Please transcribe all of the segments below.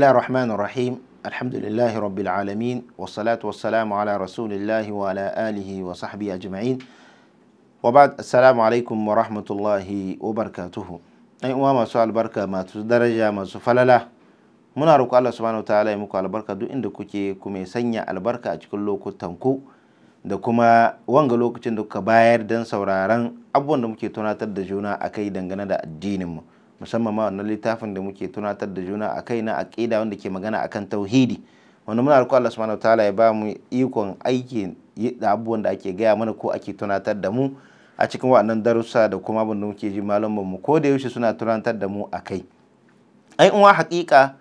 الله الرحمن الرحيم الحمد لله رب العالمين والصلاة والسلام على رسول الله وعلى آله وصحبه أجمعين وبعد السلام عليكم ورحمة الله وبركاته أي أمام سؤال البركة ما درجة ما سفللة muna roƙo Allah subhanahu wataala ya muku albarka duk inda kuke kuma ya sanya albarka a cikin lokutan ku da kuma wanga lokacin da kuka bayar don sauraron abubuwan da muke tunatar da juna akai dangane da addinin mu musamman ma wannan littafin da muke tunatar da juna a kai na aƙida wanda ke magana akan tauhidi wanda muna roƙo Allah subhanahu wataala ya ba mu ikon aiki da abubuwan da ake gaya mana ko ake tunatar da mu a cikin waɗannan darussa da kuma abin da muke ji malaman mu ko da yaushe suna tunatar da mu a kai ai uwa haƙiƙa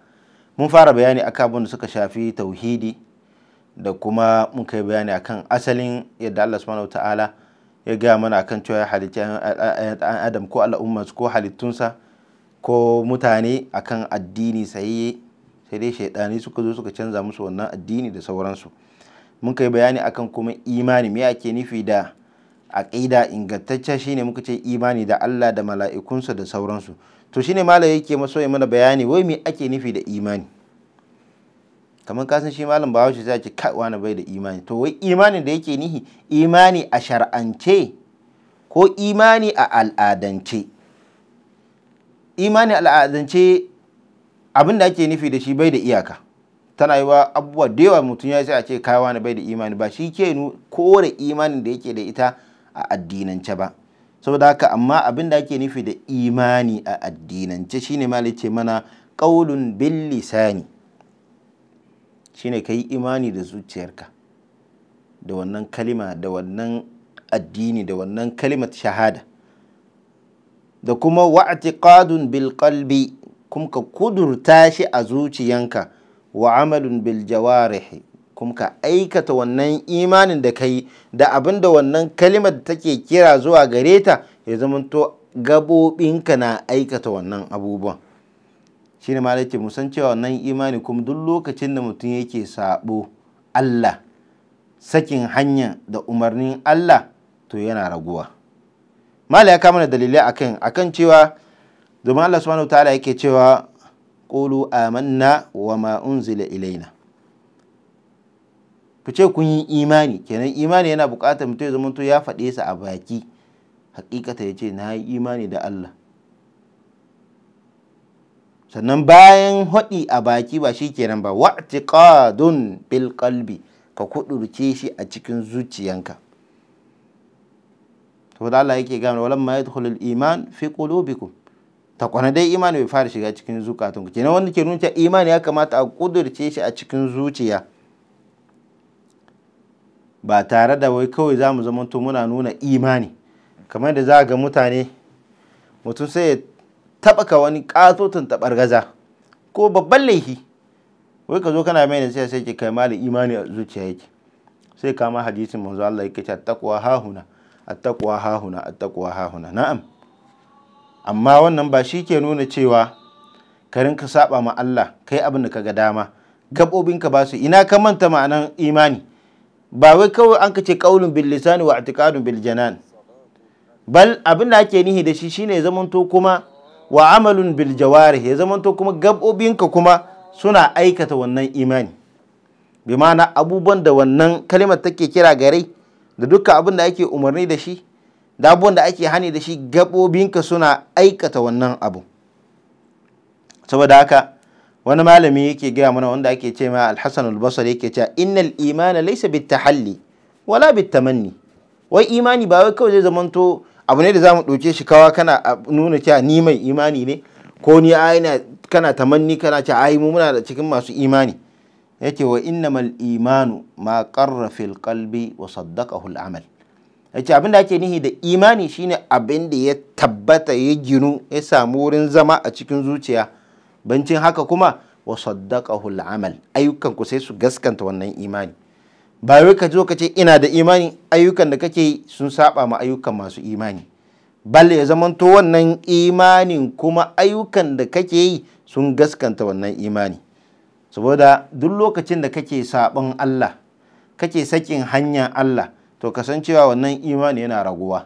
mun fara bayani akan abin da suka shafi tauhidi da kuma mun kai bayani akan asalin yadda Allah subhanahu wataala ya gaya mana akan cewa ya halitta adam ko al'ummarsu ko halittunsa ko mutane akan addini sayayye sai dai shaidani suka zo suka canza musu wannan addini da sauransu mun kai bayani akan kuma imani me ake nufi da aqida ingantacce shine muka ce imani da Allah da mala'ikunsa da sauransu to shine malam yake maso mana bayani wai me ake nufi da imani kamar ka san shi malam Bahaushe sai ce kai wani bai da imani to wai imanin da yake nihi imani a shar'ance ko imani a al'adance imani al'adance abin da ake nufi da shi bai da iyaka tana yi wa abubuwa da yawa mutum ya sai a ce kawa na bai da imani ba shi ke kore imanin da yake da ita a addinance ba saboda haka amma abin da ake nufi da imani a addinance shine malai ce mana qaulun billisani lisani shine kai imani da zuciyarka da wannan kalima da wannan addini da wannan kalimat shahada da kuma wa'tiqadun bil qalbi kuma ka kudurta shi a zuciyanka wa amalun bil jawarihi kuma ka aikata wannan imanin da kai da abinda wannan kalimar da take kira zuwa gare ta ya zamanto ka na aikata wannan abubuwan shi ne malaki musan cewa wannan imani kuma duk lokacin da mutum yake sabo Allah sakin hanya da umarnin Allah to yana raguwa. mala ya kama da dalilai akan akan cewa domin Allah subhanahu ta'ala yake cewa qulu amanna wa ma unzila ilaina ce kun yi imani kenan imani yana bukatar mutum ya zama ya faɗe sa a baki hakikata ya ce na yi imani da Allah sannan bayan haɗi a baki ba shi kenan ba wa'tiqadun bil qalbi ka kudurce shi a cikin zuciyanka saboda Allah yake gane walam ma yadkhulul iman fi qulubikum ta kwana dai imani bai fara shiga cikin zukatun ku kenan wanda ke nuna cewa imani ya kamata a kudurce shi a cikin zuciya ba tare da wai kawai za mu zama muna nuna imani kamar da za ga mutane mutum sai ya taɓaka wani ƙatoton taɓar gaza ko babban laifi wai ka zo kana mai da sai ke kai mali imani a zuciya yake sai kama hadisin manzo Allah yake cewa takwa hahuna attaqwa hahuna attaqwa hahuna na'am amma wannan ba shi ke nuna cewa ka rinka saba ma Allah kai abin da kaga dama gabobin ka ba su ina ka manta ma'anan imani ba wai kawai an ka ce qaulun bil lisan wa i'tiqadun bil janan bal abin da ake nihi da shi shine ya zamanto kuma wa amalun bil jawarih ya zamanto kuma gabobin ka kuma suna aikata wannan imani bi ma'ana abubuwan da wannan kalimar take kira gare da dukkan abin da ake umarni da shi da abubuwan da ake hani da shi gaɓoɓinka suna aikata wannan abu saboda haka wani malami yake gaya mana wanda ake ce ma alhassan albasar yake cewa innal imana laisa bitahalli wala bitamanni wai imani ba wai kawai zai zamanto abu ne da zamu ɗauke shi kawa kana nuna cewa ni mai imani ne ko ni ai kana tamanni kana cewa ai mu muna da cikin masu imani yace wa innamal imanu ma karra fil kalbi wa saddaka hul amal ya abin da ake nihi da imani shine abin da ya tabbata ya ginu ya samu wurin zama a cikin zuciya bancin haka kuma wa saddaka hul amal ayyukan ku sai su gaskanta wannan imani ba wai ka zo ka ce ina da imani ayyukan da kake yi sun saba ma ayyukan masu imani balle ya zamanto wannan imanin kuma ayyukan da kake yi sun gaskanta wannan imani saboda duk lokacin da kake sabon Allah kake sakin hanya Allah to kasancewa wannan imani yana raguwa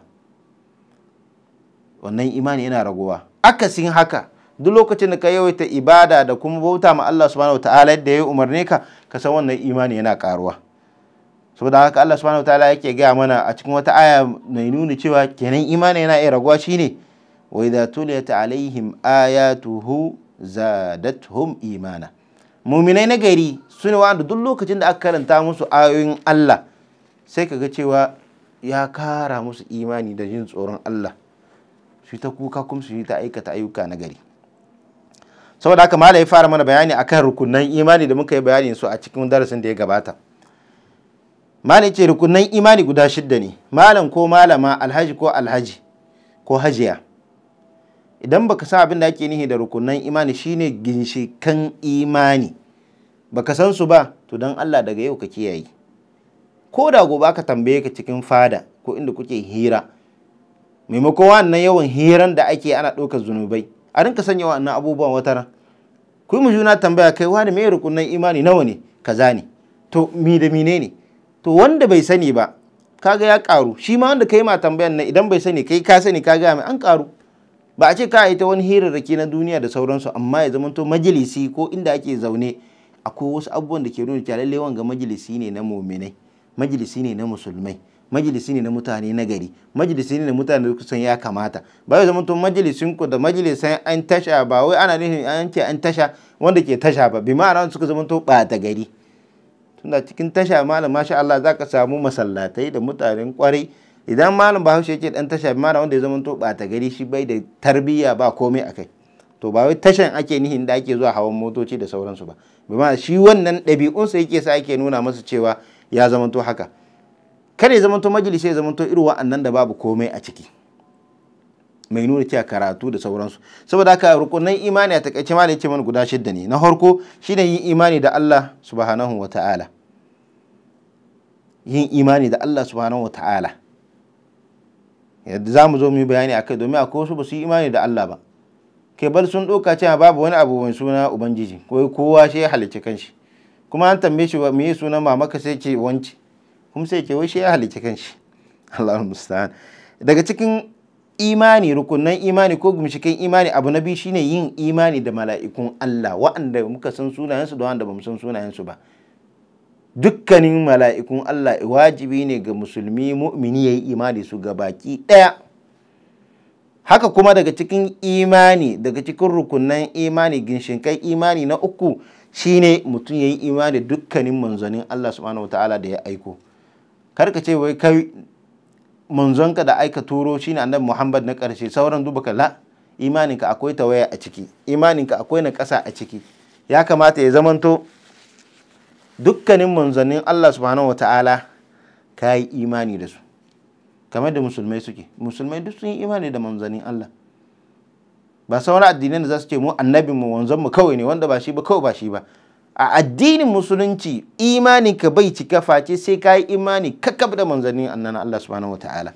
wannan imani yana raguwa akasin haka duk lokacin da ka yawaita ibada da kuma bauta ma Allah subhanahu wataala yadda ya umarne ka ka san wannan imani yana karuwa saboda haka Allah subhanahu wataala yake gaya mana a cikin wata aya mai nuna cewa kenan imani yana iya raguwa shine wa idza tuliyat alaihim ayatuhu zadatuhum imana muminai na gari su ne wanda duk lokacin da aka karanta musu ayoyin Allah sai ka ga cewa ya kara musu imani da jin tsoron Allah su ta kuka kuma su ta aikata ayyuka na gari saboda haka mala ya fara mana bayani akan rukunan imani da muka yi bayani su a cikin darasin da ya gabata mala ce rukunan imani guda shidda ne malam ko malama alhaji ko alhaji ko hajiya idan baka san abin da ake nihi da rukunan imani shine ginshikan imani baka san su ba to dan Allah daga yau ka kiyaye ko da gobe aka tambaye ka cikin fada ko inda kuke hira maimakon wannan yawan hiran da ake ana ɗaukar zunubai a rinka sanya wannan abubuwan wata ran ku mu juna tambaya kai wani me rukunan imani nawa ne kaza ne to mi da mine ne to wanda bai sani ba kaga ya karu shi ma wanda kai ma tambayan nan idan bai sani kai ka sani kaga mai an karu ba a ce ka yi ta wani hirarraki na duniya da sauransu amma ya zamanto majalisi ko inda ake zaune akwai wasu abubuwan da ke nuna cewa lalle wanga majalisi ne na muminai majalisi ne na musulmai majalisi ne na mutane na gari majalisi ne na mutane da kusan ya kamata ba ya zamanto majalisin ku da majalisan an tasha ba wai ana nufin an ce an tasha wanda ke tasha ba bi ma'ana suka zamanto ɓata gari tunda cikin tasha malam masha Allah zaka samu masallatai da mutanen kwarai idan malam bahaushe yake dan tasha malam wanda ya zama to bata gari shi bai da tarbiyya ba komai akai to ba wai tashan ake nihin da ake zuwa hawan motoci da sauransu ba bima shi wannan ɗabi'unsa yake sa ake nuna masa cewa ya zama to haka kare ya zama to majalisai ya zama to irin wa'annan da babu komai a ciki mai nuna cewa karatu da sauransu saboda haka rukunan imani a takaice ma da mana guda shidda ne na farko shine yin imani da Allah subhanahu wata'ala yin imani da Allah subhanahu wata'ala yadda za mu zo mu yi bayani a kai domin akwai wasu ba su yi imani da Allah ba ke bar sun ɗauka cewa babu wani abu mai suna ubangiji ko kowa shi ya halicci kanshi kuma an tambaye shi mu yi sunan mamaka sai ce wanci kuma sai ke wai shi ya halicci kanshi Allahu musta'an daga cikin imani rukunan imani ko gumshikin imani abu na biyu shine yin imani da mala'ikun Allah wa'anda muka san sunayensu da wa'anda bamu san sunayensu ba dukkanin mala'ikun Allah wajibi ne ga musulmi mu'mini ya yi imani su ga baki ɗaya haka kuma daga cikin imani daga cikin rukunan imani ginshinkai imani na uku shine mutum ya yi imani dukkanin manzonin Allah subhanahu wata'ala da ya aiko karka ce wai kai manzonka da aika turo shine annabi Muhammad na ƙarshe sauran duba la imaninka akwai tawaya a ciki imaninka akwai na ƙasa a ciki ya kamata ya zamanto dukkanin manzannin Allah subhanahu wata'ala ka yi imani da su kamar da musulmai suke musulmai duk sun yi imani da manzannin Allah ba sauran addinai da za su ce mu annabin mu wanzan mu kawai ne wanda ba shi ba kawai ba shi ba a addinin musulunci imani ka bai cika face sai ka yi imani kakab da manzannin annan Allah subhanahu wata'ala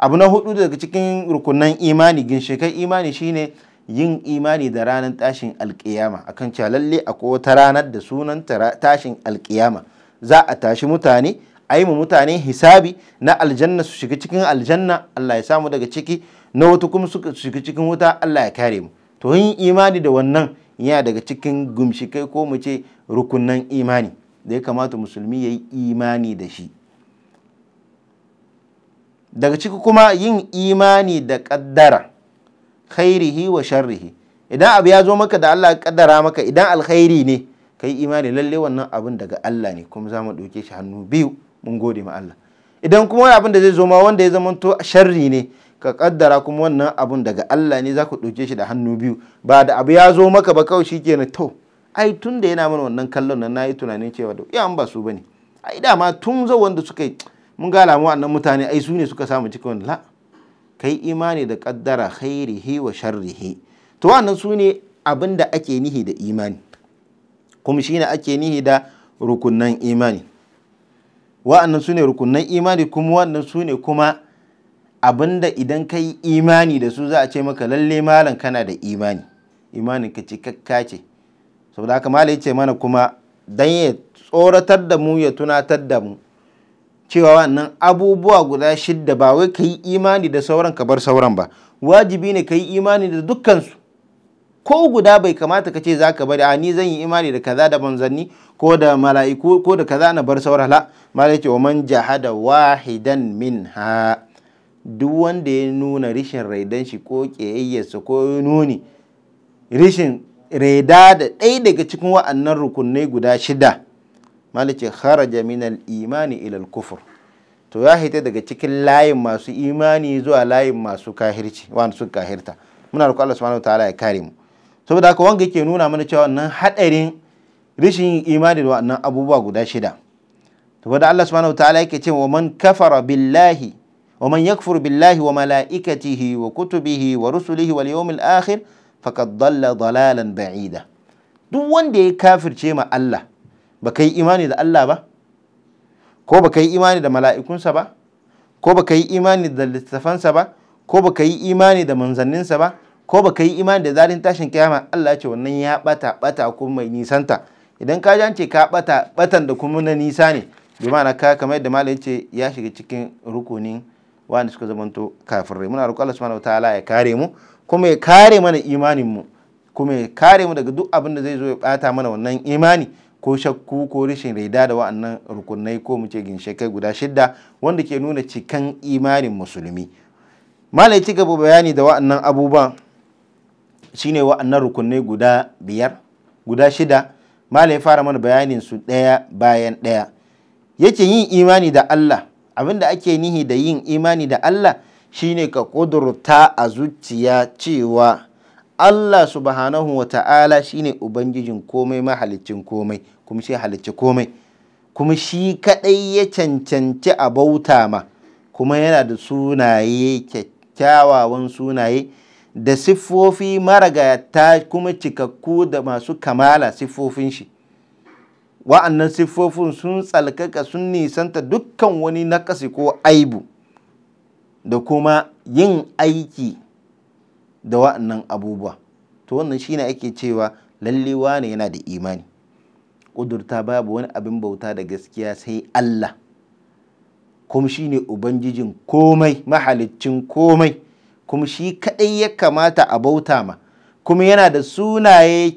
abu na hudu daga cikin rukunan imani ginshikan imani shine yin imani da ranar tashin alkiyama akan cewa lalle akwai wata ranar da sunan tashin alkiyama za a tashi mutane a yi mutane hisabi na aljanna su shiga cikin aljanna Allah ya samu daga ciki na wata kuma su shiga cikin wuta Allah ya kare mu to yin imani da wannan yana daga cikin gumshikai ko mu ce rukunan imani da ya kamata musulmi ya yi imani da shi daga ciki kuma yin imani da kaddara. khairihi wa sharrihi idan abu ya zo maka da Allah kaddara maka idan alkhairi ne kai imani lalle wannan abin daga Allah ne kuma za mu ɗauke shi hannu biyu mun gode ma Allah idan kuma wani abin da zai zo ma wanda ya zama to sharri ne ka kaddara kuma wannan abun daga Allah ne za ku ɗauke shi da hannu biyu ba da abu ya zo maka ba kawai shikenan to ai tun da yana mana wannan kallon nan nayi tunanin cewa da iyan ba su bane ai dama tun zo wanda suka yi mun ga lamu annan mutane ai su ne suka samu cikin la kai imani da kaddara khairihi wa sharrihi to wannan su ne abin da ake nihi da imani kuma shine ake nihi da rukunan imani wa'annan su ne rukunan imani kuma wannan su ne kuma abinda idan ka yi imani da su za a ce maka lalle malam kana da imani imanin ka cikakka ce saboda haka malam ya ce mana kuma dan ya tsoratar da mu ya tunatar da mu cewa wannan abubuwa guda shidda ba wai ka yi imani da sauran ka bar sauran ba wajibi ne ka yi imani da dukkansu ko guda bai kamata ka ce za ka bari a ni zan yi imani da kaza da manzanni ko da mala'iku ko da kaza na bar sauran la malai ce wa man jahada wahidan min ha duk wanda ya nuna rishin raidan shi ko ƙiyayyarsa ko nuni rishin raida da ɗaya daga cikin wa'annan rukunai guda shida malice kharaja minal imani ilal kufur to ya hita daga cikin layin masu imani zuwa layin masu kahirci wanda su kahirta muna roƙon Allah subhanahu ya kare mu saboda haka wanga yake nuna mana cewa wannan hadarin rishin imani da wannan abubuwa guda shida to wanda Allah subhanahu ta'ala yake cewa man kafara billahi wa man yakfur billahi wa malaikatihi wa kutubihi wa rusulihi wal yawmil akhir faqad dalalan ba'ida duk wanda ya kafirce ma Allah ba ka yi imani da Allah ba ko ba ka yi imani da mala'ikunsa ba ko ba ka yi imani da littafansa ba ko ba ka yi imani da manzanninsa ba ko ba ka yi imani da zarin tashin kiyama Allah ce wannan ya bata bata ko mai nisanta idan ka jance ka bata batan da kuma na nisa ne bi ma'ana ka kamar yadda malam ce ya shiga cikin rukunin wanda suka kafin kafirai muna roƙon Allah subhanahu wataala ya kare mu kuma ya kare mana imanin mu kuma ya kare mu daga duk abin da zai zo ya bata mana wannan imani ko shakku ko rashin raida da wa'annan rukunai ko muke ce ginshikai guda shidda wanda ke nuna cikan imanin musulmi malai ci gaba bayani da wa'annan abubuwan shine wa'annan rukunai guda biyar guda shida malai fara mana bayanin su ɗaya bayan ɗaya yake yin imani da Allah abinda ake nihi da yin imani da Allah shine ka kudurta a zuciya cewa Allah subhanahu wa ta'ala shine ubangijin komai mahalicin komai kuma shi halicci komai kuma shi kaɗai ya cancanci a bauta ma kuma yana da sunaye kyakkyawawan sunaye da siffofi maragata kuma cikakku da masu kamala siffofin shi wa'annan siffofin sun tsalkaka sun nisanta dukkan wani nakasi ko aibu da kuma yin aiki da wa'annan abubuwa to wannan shine ake cewa lalle wane yana da imani ƙudurta babu wani abin bauta da gaskiya sai Allah kuma shi ne ubangijin komai mahaliccin komai kuma shi kaɗai ya kamata a bauta ma kuma yana da sunaye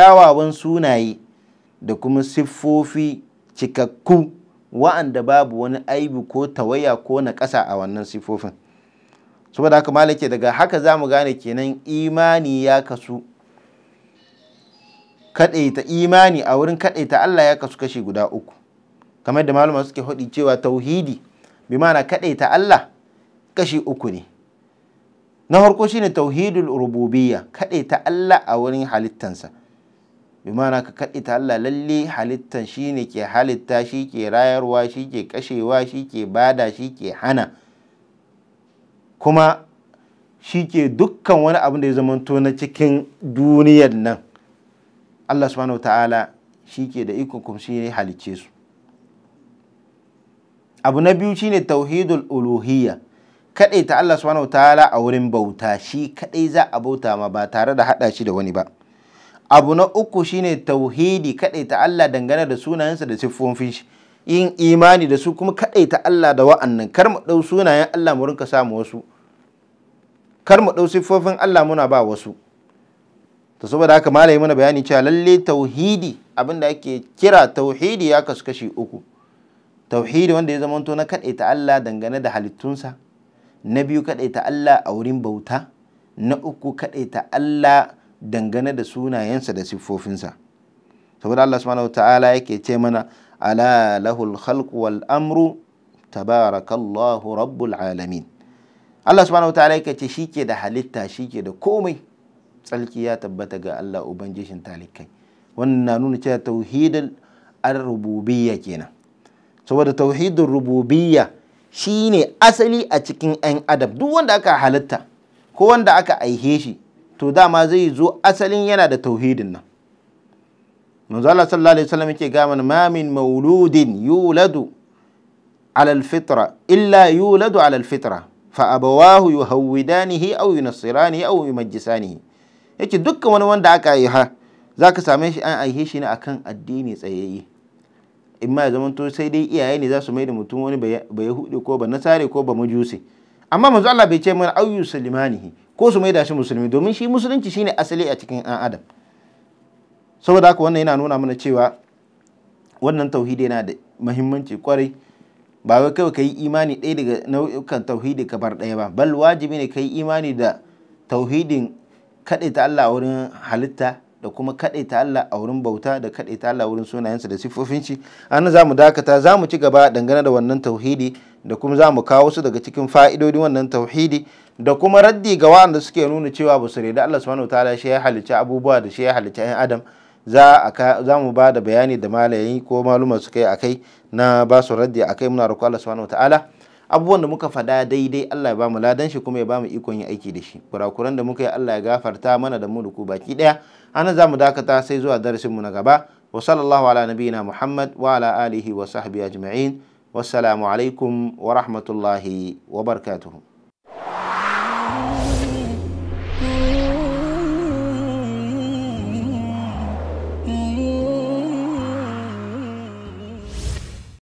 kyawawan sunaye da kuma siffofi cikakku wa'anda babu wani aibu ko tawaya ko na ƙasa a wannan siffofin saboda haka malake daga haka za mu gane kenan imani ya kasu kaɗaita imani a wurin kaɗaita Allah ya kasu kashi guda uku kamar da malama suke hudi cewa tauhidi bi mana kaɗaita Allah kashi uku ne na harko shine tauhidul rububiyya kaɗaita Allah a wurin halittansa bi mana ka kaɗaita Allah lalle halittan shine ke halitta shi ke rayarwa shi ke kashewa shi ke bada shi ke hana kuma shi ke dukkan wani abin da ya zamanto na cikin duniyar nan Allah subhanahu ta'ala shi ke da ikon kuma shi ne halice su abu na biyu shine tauhidul uluhiyya kaɗai ta Allah subhanahu ta'ala a wurin bauta shi kaɗai za a bauta ma ba tare da haɗa shi da wani ba abu na uku shine tauhidi kaɗai ta Allah dangane da sunayensa da siffofin shi yin imani da su kuma kaɗaita Allah da wa'annan kar mu ɗau sunayen Allah mu rinka samu wasu kar mu ɗau siffofin Allah muna ba wasu ta saboda haka malami mana bayani cewa lalle tauhidi abin da ake kira tauhidi ya kasu kashi uku tauhidi wanda ya zamanto na kaɗaita Allah dangane da halittunsa na biyu kaɗaita Allah a wurin bauta na uku kaɗaita Allah dangane da sunayensa da siffofinsa saboda Allah subhanahu ta'ala yake ce mana ala lahul khalq wal amru tabarakallahu rabbul alamin Allah subhanahu wataala yake ce shike da halitta shike da komai tsalki ya tabbata ga Allah ubangijin talikai wannan na nuna cewa tauhidul ar-rububiyya kenan saboda tauhidul rububiyya ne asali a cikin 'yan adam duk wanda aka halitta ko wanda aka aihe shi to dama zai zo asalin yana da tauhidin nan manzo Allah sallallahu alaihi wasallam yake ga mana ma min mauludin yuladu ala alfitra illa yuladu ala alfitra fa abawahu yuhawidanihi aw yunsiranihi aw yumajjisanihi yake dukkan wani wanda aka yi ha zaka same shi an aihe shi ne akan addini tsayayye in ma ya zamanto sai dai iyaye ne za su mai da mutum wani ba hudu ko ba nasare ko ba majusi amma manzo Allah bai ce mana ayyu sulmanihi ko su mai da shi musulmi domin shi musulunci shine asali a cikin an adam saboda haka wannan yana nuna mana cewa wannan tauhidi yana da muhimmanci kwarai ba wai kawai ka yi imani ɗaya daga nau'ukan tauhidi ka bar ɗaya ba bal wajibi ne ka yi imani da tauhidin kaɗaita Allah a wurin halitta da kuma kaɗaita Allah a wurin bauta da kaɗaita Allah a wurin sunayensa da siffofin shi an za mu dakata za mu ci gaba dangane da wannan tauhidi da kuma za mu kawo su daga cikin fa'idodin wannan tauhidi da kuma raddi ga waɗanda suke nuna cewa ba su reda Allah subhanahu ta'ala shi ya halicci abubuwa da shi ya halicci 'yan adam za mu ba da bayani da malayi ko maluma suka yi akai na ba su raddi akai muna roƙo Allah subhanahu wataala abubuwan da muka faɗa daidai Allah ya ba mu ladan shi kuma ya ba mu ikon yin aiki da shi kurakuran da muka yi Allah ya gafarta mana da mu da ku baki ɗaya ana za mu dakata sai zuwa darasin mu na gaba wa sallallahu ala nabiyina Muhammad wa ala alihi wa sahbihi ajma'in wassalamu alaikum wa rahmatullahi wa barakatuhu